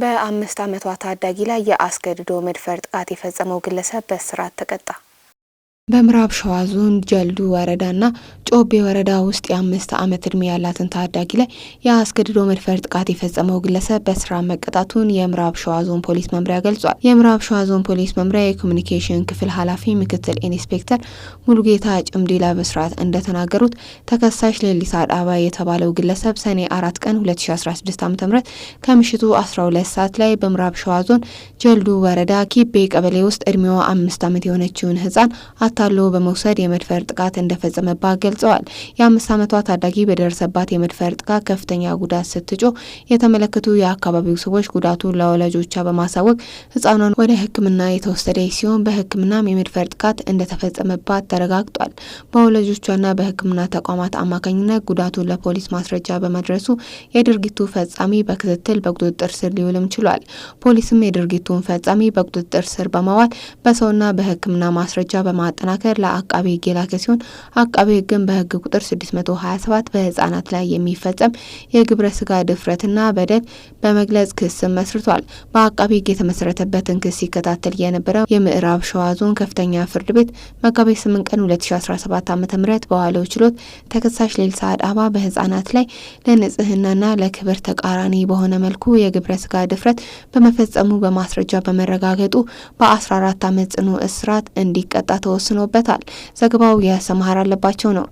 በአምስት ዓመቷ ታዳጊ ላይ የአስገድዶ መድፈር ጥቃት የፈጸመው ግለሰብ በእስራት ተቀጣ። በምዕራብ ሸዋ ዞን ጀልዱ ወረዳና ጮቤ ወረዳ ውስጥ የአምስት ዓመት ዕድሜ ያላትን ታዳጊ ላይ የአስገድዶ መድፈር ጥቃት የፈጸመው ግለሰብ በስራ መቀጣቱን የምዕራብ ሸዋ ዞን ፖሊስ መምሪያ ገልጿል። የምዕራብ ሸዋ ዞን ፖሊስ መምሪያ የኮሚኒኬሽን ክፍል ኃላፊ ምክትል ኢንስፔክተር ሙሉጌታ ጭምዲላ በስርዓት እንደተናገሩት ተከሳሽ ሌሊሳ አዳባ የተባለው ግለሰብ ሰኔ አራት ቀን 2016 ዓ.ም ከምሽቱ 12 ሰዓት ላይ በምዕራብ ሸዋ ዞን ጀልዱ ወረዳ ኪቤ ቀበሌ ውስጥ ዕድሜዋ አምስት ዓመት የሆነችውን ህፃን አታሎ በመውሰድ የመድፈር ጥቃት እንደፈጸመባት ገልጸዋል። የአምስት ዓመቷ ታዳጊ በደረሰባት የመድፈር ጥቃት ከፍተኛ ጉዳት ስትጮ የተመለከቱ የአካባቢው ሰዎች ጉዳቱን ለወላጆቿ በማሳወቅ ህጻኗን ወደ ሕክምና የተወሰደ ሲሆን በሕክምናም የመድፈር ጥቃት እንደተፈጸመባት ተረጋግጧል። በወላጆቿና በሕክምና ተቋማት አማካኝነት ጉዳቱን ለፖሊስ ማስረጃ በመድረሱ የድርጊቱ ፈጻሚ በክትትል በቁጥጥር ስር ሊውልም ችሏል። ፖሊስም የድርጊቱን ፈጻሚ በቁጥጥር ስር በማዋል በሰውና በሕክምና ማስረጃ በማጠ ለማጠናከር ለአቃቤ ሕግ የላከ ሲሆን አቃቤ ህግን በሕግ ቁጥር 627 በህጻናት ላይ የሚፈጸም የግብረ ስጋ ድፍረትና በደል በመግለጽ ክስ መስርቷል። በአቃቤ ሕግ የተመሰረተበትን ክስ ሲከታተል የነበረው የምዕራብ ሸዋ ዞን ከፍተኛ ፍርድ ቤት መጋቢት 8 ቀን 2017 ዓ ም በዋለው ችሎት ተከሳሽ ሌልሳ አድአባ በህጻናት ላይ ለንጽህናና ለክብር ተቃራኒ በሆነ መልኩ የግብረ ስጋ ድፍረት በመፈጸሙ በማስረጃ በመረጋገጡ በ14 ዓመት ጽኑ እስራት እንዲቀጣ ተወስኗል። ተወስኖበታል። ዘገባው የሰምሃር አለባቸው ነው።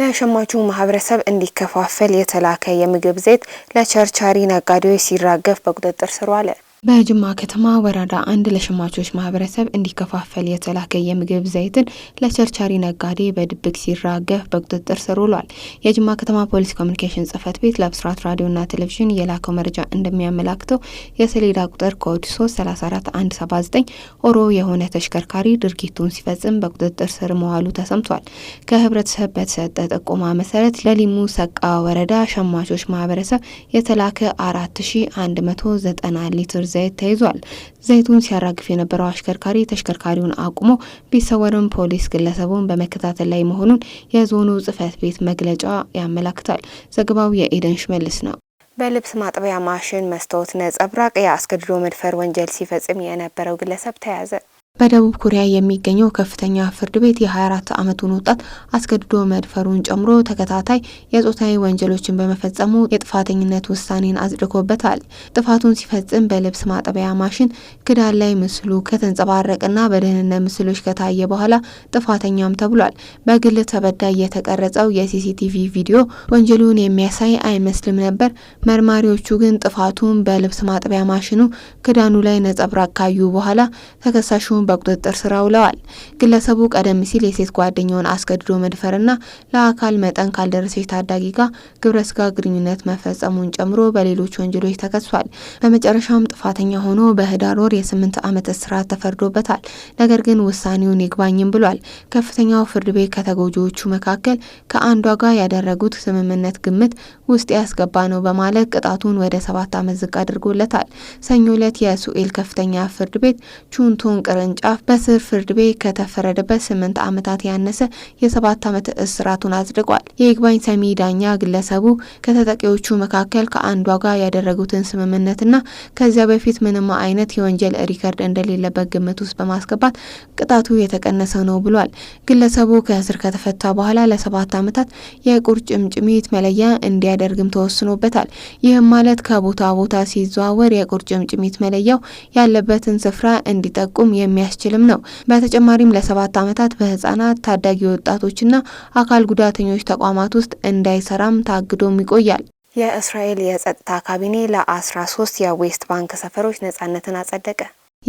ለሸማቹ ማህበረሰብ እንዲከፋፈል የተላከ የምግብ ዘይት ለቸርቻሪ ነጋዴዎች ሲራገፍ በቁጥጥር ስር ዋለ። በጅማ ከተማ ወረዳ አንድ ለሸማቾች ማህበረሰብ እንዲከፋፈል የተላከ የምግብ ዘይትን ለቸርቻሪ ነጋዴ በድብቅ ሲራገፍ በቁጥጥር ስር ውሏል። የጅማ ከተማ ፖሊስ ኮሚኒኬሽን ጽህፈት ቤት ለብስራት ራዲዮና ቴሌቪዥን የላከው መረጃ እንደሚያመላክተው የሰሌዳ ቁጥር ኮድ 334179 ኦሮ የሆነ ተሽከርካሪ ድርጊቱን ሲፈጽም በቁጥጥር ስር መዋሉ ተሰምቷል። ከህብረተሰብ በተሰጠ ጥቆማ መሰረት ለሊሙ ሰቃ ወረዳ ሸማቾች ማህበረሰብ የተላከ 4190 ሊትር ዘይት ተይዟል። ዘይቱን ሲያራግፍ የነበረው አሽከርካሪ ተሽከርካሪውን አቁሞ ቢሰወርም ፖሊስ ግለሰቡን በመከታተል ላይ መሆኑን የዞኑ ጽህፈት ቤት መግለጫ ያመላክታል። ዘገባው የኤደን ሽመልስ ነው። በልብስ ማጥቢያ ማሽን መስታወት ነጸብራቅ የአስገድዶ መድፈር ወንጀል ሲፈጽም የነበረው ግለሰብ ተያዘ። በደቡብ ኮሪያ የሚገኘው ከፍተኛ ፍርድ ቤት የ24 ዓመቱን ወጣት አስገድዶ መድፈሩን ጨምሮ ተከታታይ የጾታዊ ወንጀሎችን በመፈጸሙ የጥፋተኝነት ውሳኔን አጽድቆበታል። ጥፋቱን ሲፈጽም በልብስ ማጠቢያ ማሽን ክዳን ላይ ምስሉ ከተንጸባረቀና በደህንነት ምስሎች ከታየ በኋላ ጥፋተኛም ተብሏል። በግል ተበዳይ የተቀረጸው የሲሲቲቪ ቪዲዮ ወንጀሉን የሚያሳይ አይመስልም ነበር። መርማሪዎቹ ግን ጥፋቱን በልብስ ማጠቢያ ማሽኑ ክዳኑ ላይ ነጸብራቅ ካዩ በኋላ ተከሳሹን በቁጥጥር ስር ውለዋል። ግለሰቡ ቀደም ሲል የሴት ጓደኛውን አስገድዶ መድፈርና ለአካል መጠን ካልደረሰች ታዳጊ ጋር ግብረ ስጋ ግንኙነት መፈጸሙን ጨምሮ በሌሎች ወንጀሎች ተከሷል። በመጨረሻውም ጥፋተኛ ሆኖ በህዳር ወር የስምንት ዓመት እስራት ተፈርዶበታል። ነገር ግን ውሳኔውን ይግባኝም ብሏል። ከፍተኛው ፍርድ ቤት ከተጎጂዎቹ መካከል ከአንዷ ጋር ያደረጉት ስምምነት ግምት ውስጥ ያስገባ ነው በማለት ቅጣቱን ወደ ሰባት ዓመት ዝቅ አድርጎለታል። ሰኞ ዕለት የሱኤል ከፍተኛ ፍርድ ቤት ቹንቶን ቅርን ቅርንጫፍ በስር ፍርድ ቤት ከተፈረደበት ስምንት ዓመታት ያነሰ የሰባት ዓመት እስራቱን አጽድቋል። የይግባኝ ሰሚ ዳኛ ግለሰቡ ከተጠቂዎቹ መካከል ከአንዷ ጋር ያደረጉትን ስምምነትና ከዚያ በፊት ምንም አይነት የወንጀል ሪከርድ እንደሌለበት ግምት ውስጥ በማስገባት ቅጣቱ የተቀነሰ ነው ብሏል። ግለሰቡ ከእስር ከተፈታ በኋላ ለሰባት ዓመታት የቁርጭምጭሚት መለያ እንዲያደርግም ተወስኖበታል። ይህም ማለት ከቦታ ቦታ ሲዘዋወር የቁርጭምጭሚት መለያው ያለበትን ስፍራ እንዲጠቁም የሚያ የሚያስችልም ነው። በተጨማሪም ለሰባት ዓመታት በህጻናት ታዳጊ ወጣቶችና አካል ጉዳተኞች ተቋማት ውስጥ እንዳይሰራም ታግዶም ይቆያል። የእስራኤል የጸጥታ ካቢኔ ለአስራ ሶስት የዌስት ባንክ ሰፈሮች ነጻነትን አጸደቀ።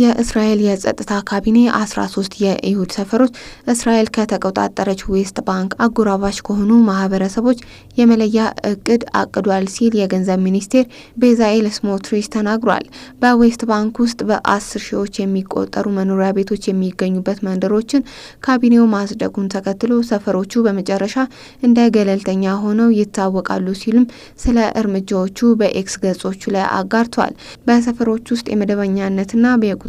የእስራኤል የጸጥታ ካቢኔ ሶስት የይሁድ ሰፈሮች እስራኤል ከተቆጣጠረች ዌስት ባንክ አጎራባች ከሆኑ ማህበረሰቦች የመለያ እቅድ አቅዷል ሲል የገንዘብ ሚኒስቴር ቤዛኤል ስሞትሪች ተናግሯል። በዌስት ባንክ ውስጥ በአስር ሺዎች የሚቆጠሩ መኖሪያ ቤቶች የሚገኙበት መንደሮችን ካቢኔው ማጽደቁን ተከትሎ ሰፈሮቹ በመጨረሻ እንደ ገለልተኛ ሆነው ይታወቃሉ ሲሉም ስለ እርምጃዎቹ በኤክስ ገጾቹ ላይ አጋርቷል። በሰፈሮች ውስጥ የመደበኛነትና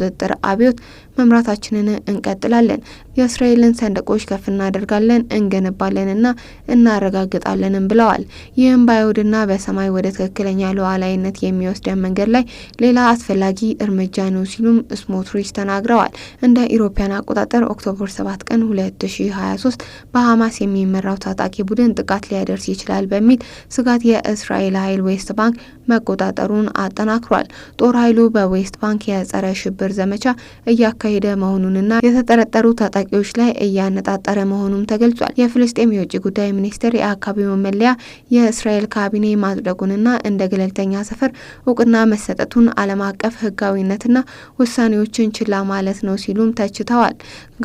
ቁጥጥር አብዮት መምራታችንን እንቀጥላለን። የእስራኤልን ሰንደቆች ከፍ እናደርጋለን፣ እንገነባለንና እናረጋግጣለንም ብለዋል። ይህም በአይሁድና በሰማይ ወደ ትክክለኛ ሉዓላዊነት የሚወስደን መንገድ ላይ ሌላ አስፈላጊ እርምጃ ነው ሲሉም ስሞትሪች ተናግረዋል። እንደ ኢሮፓያን አቆጣጠር ኦክቶበር 7 ቀን 2023 በሐማስ የሚመራው ታጣቂ ቡድን ጥቃት ሊያደርስ ይችላል በሚል ስጋት የእስራኤል ኃይል ዌስት ባንክ መቆጣጠሩን አጠናክሯል። ጦር ኃይሉ በዌስት ባንክ የጸረ ሽብር ዘመቻ እያካሄደ መሆኑንና የተጠረጠሩ ታጣ ታጣቂዎች ላይ እያነጣጠረ መሆኑም ተገልጿል። የፍልስጤም የውጭ ጉዳይ ሚኒስቴር የአካባቢው መለያ የእስራኤል ካቢኔ ማጽደቁንና እንደ ገለልተኛ ሰፈር እውቅና መሰጠቱን ዓለም አቀፍ ሕጋዊነትና ውሳኔዎችን ችላ ማለት ነው ሲሉም ተችተዋል።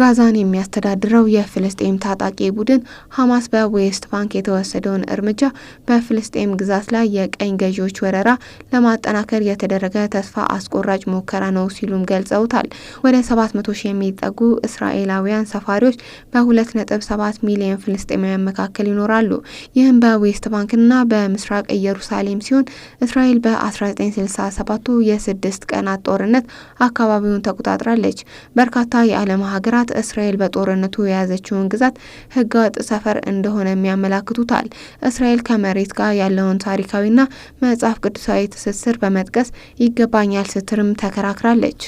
ጋዛን የሚያስተዳድረው የፍልስጤም ታጣቂ ቡድን ሐማስ በዌስት ባንክ የተወሰደውን እርምጃ በፍልስጤም ግዛት ላይ የቀኝ ገዢዎች ወረራ ለማጠናከር የተደረገ ተስፋ አስቆራጭ ሙከራ ነው ሲሉም ገልጸውታል። ወደ 700 ሺህ የሚጠጉ እስራኤላዊ ምዕራባውያን ሰፋሪዎች በሁለት 27 ሚሊዮን ፍልስጤማውያን መካከል ይኖራሉ። ይህም በዌስት ባንክና በምስራቅ ኢየሩሳሌም ሲሆን እስራኤል በ1967ቱ የስድስት ቀናት ጦርነት አካባቢውን ተቆጣጥራለች። በርካታ የዓለም ሀገራት እስራኤል በጦርነቱ የያዘችውን ግዛት ህገወጥ ሰፈር እንደሆነ የሚያመላክቱታል። እስራኤል ከመሬት ጋር ያለውን ታሪካዊና መጽሐፍ ቅዱሳዊ ትስስር በመጥቀስ ይገባኛል ስትርም ተከራክራለች።